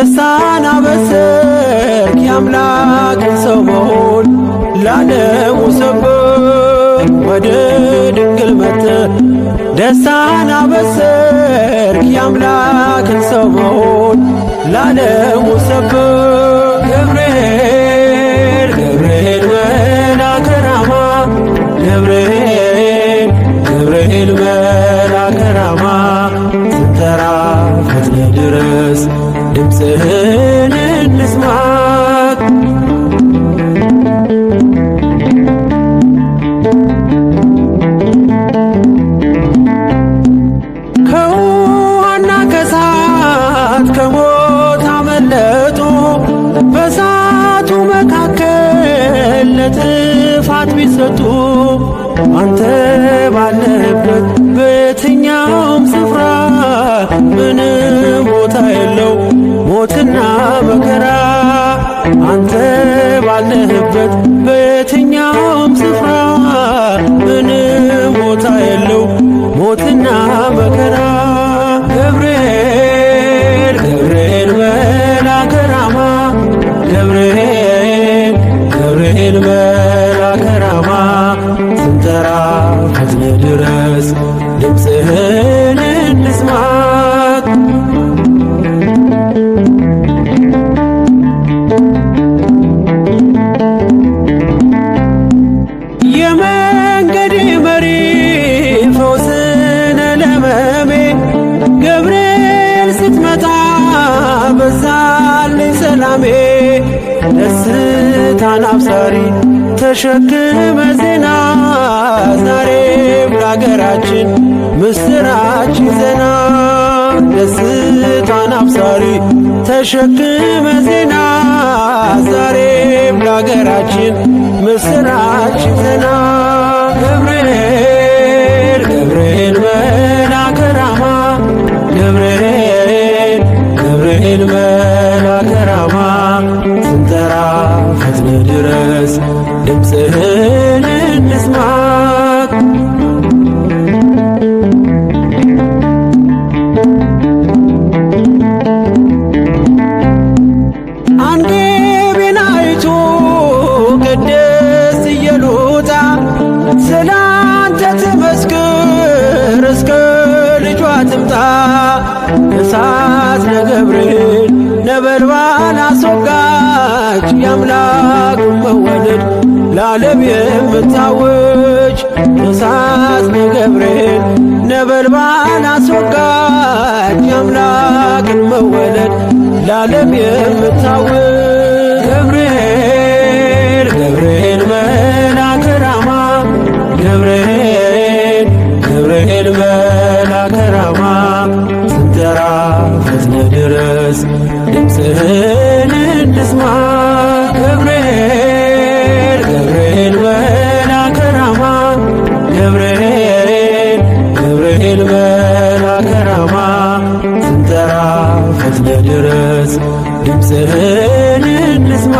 ደስታን አበሰርክ የአምላክን ሰው መሆን ላለሙ ሰብክ ወደ ድንግል መተ ደስታን አበሰርክ የአምላክን ሰው መሆን ላለሙ ሰብክ ገብርኤል ገብርኤል መልአከ ራማ ገብርኤል ገብርኤል መልአከ ራማ ድረስ ድምፅህን እንስማ ከውሃና ከሳት ከሞት አመለጡ በሳቱ መካከል ለጥፋት ቢሰጡ አንተ ባለበት መከራ አንተ ባለህበት በየትኛውም ስፍራ ምንም ቦታ የለው ሞትና መከራ ገብርኤል ገብርኤል መልአከ ራማ ገብርኤል ተሸክመ ዜና ዛሬም ለአገራችን ምስራች ዜና ደስታን አብሳሪ ተሸክመ ዜና ዛሬም ለአገራችን ምስራች ዜና ገብርኤል Say, የአምላክን መወለድ ለዓለም የምታውቅ ድምፅህን እንስማ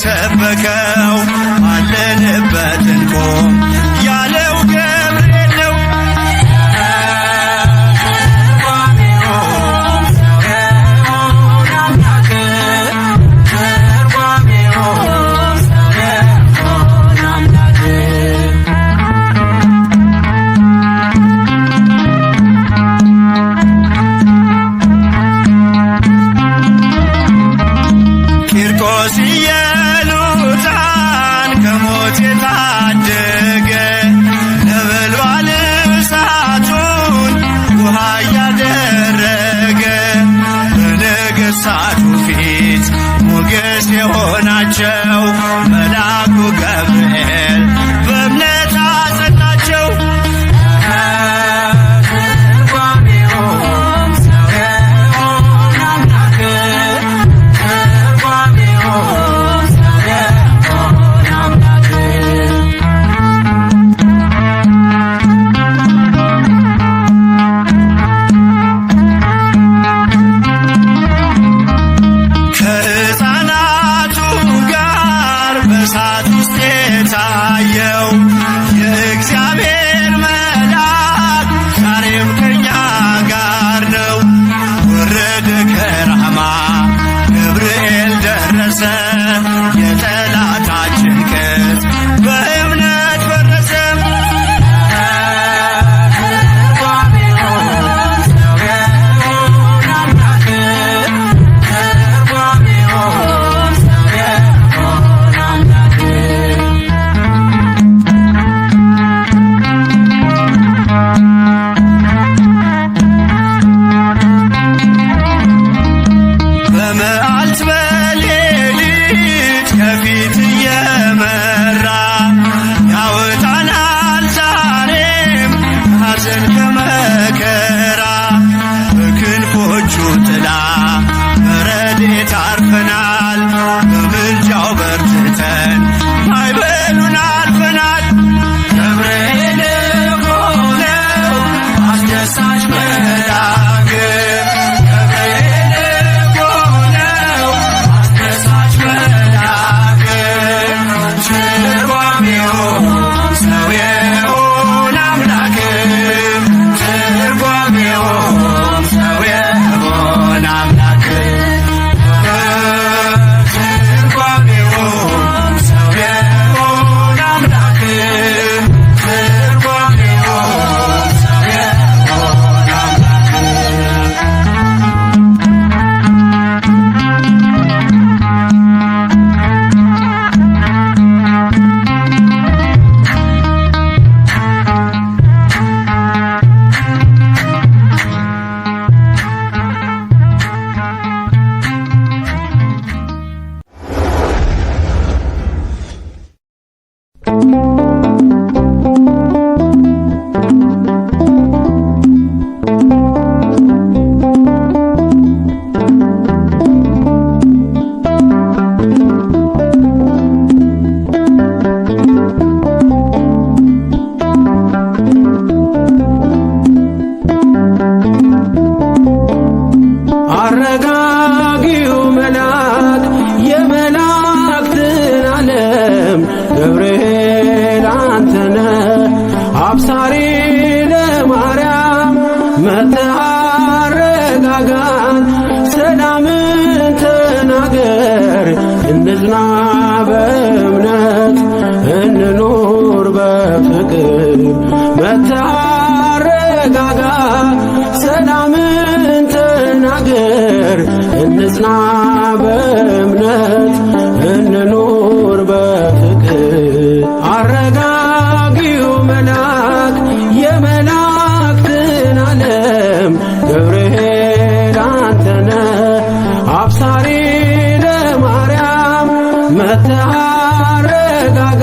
የሰበከው አለንበት እንቆም ¡Gracias! መተሃረጋጋን ሰላምን ተናገር እንዝና በእምነት እንኖር በፍቅር መተሃረጋጋ ሰላምን ተናገር እንዝና በእምነት ሳሪ ለማርያም መተሃረጋጋ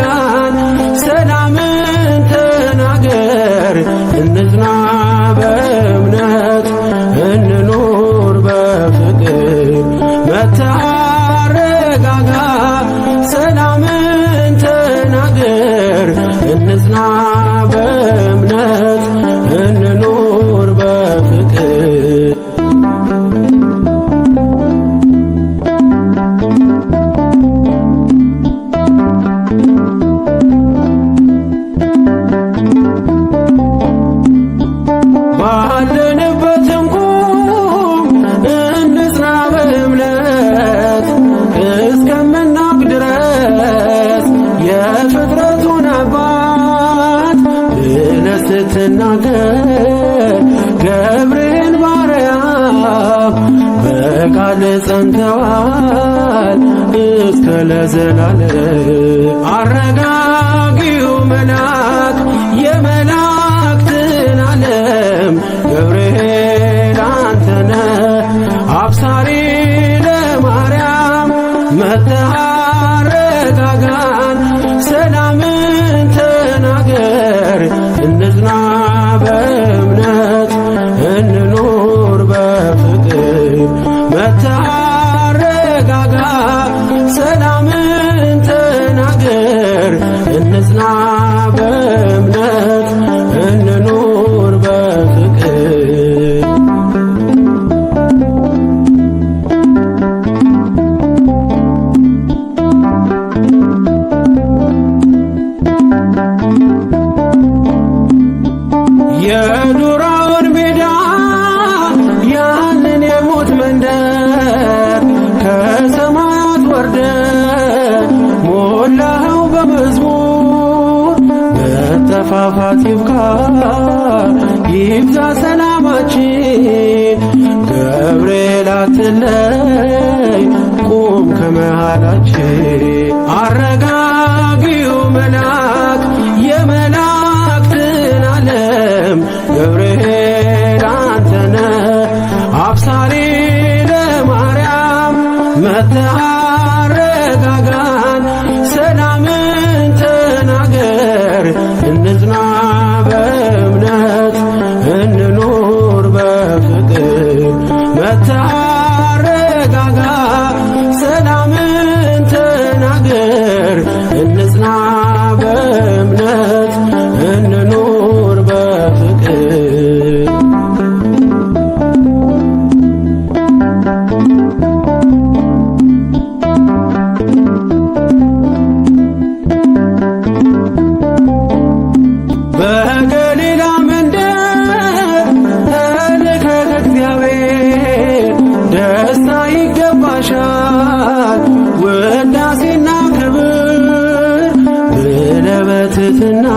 ትህትና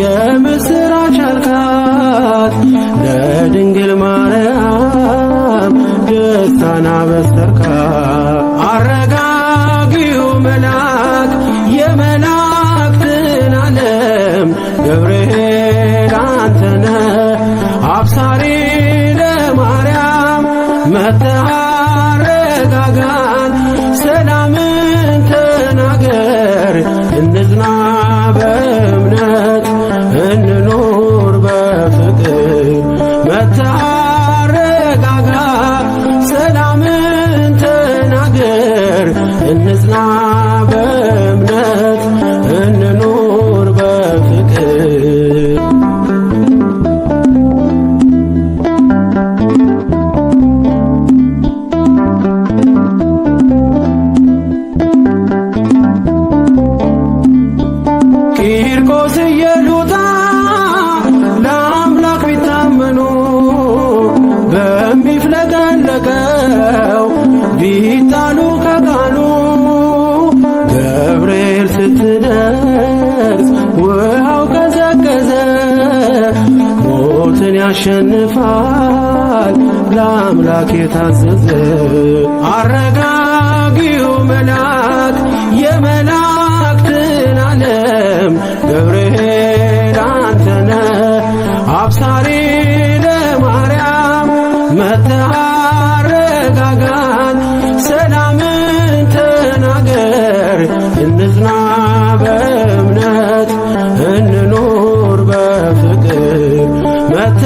የምስራች አልካት ለድንግል ማርያም ደስታና በስተርካ አረጋጊው መልአክ የመላእክትን ዓለም ገብርኤል አንተነ አብሳሪ ለማርያም መተሃ ያደረገው ቢጣሉ ከቃሉ ገብርኤል ስትደርስ ውሃው ቀዘቀዘ። ሞትን ያሸንፋል ለአምላክ የታዘዘ አረጋጊው መልአክ የመላእክትን ዓለም ገብርኤል አንተነ አብሳሪ ለማርያም መተሃ አረጋጋን፣ ሰላምን ተናገር፣ እንጽና በእምነት እንኖር በፍቅር መታ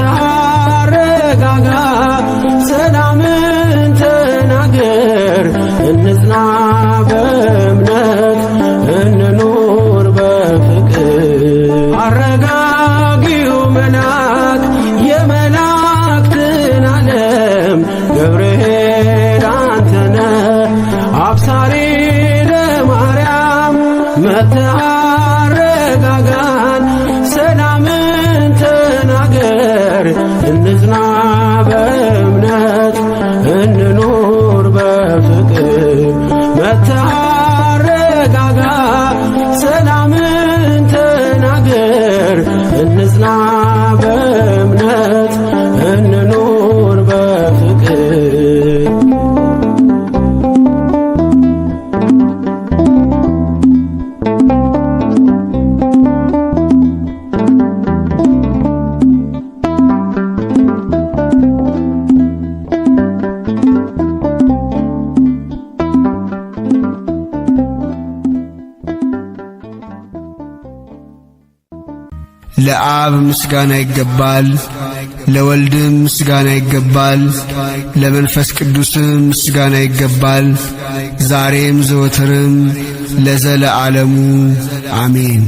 አብሳሪ ለማርያም መተአረጋጋ ለአብ ምስጋና ይገባል፣ ለወልድም ምስጋና ይገባል፣ ለመንፈስ ቅዱስም ምስጋና ይገባል፣ ዛሬም ዘወትርም ለዘለ ዓለሙ አሜን።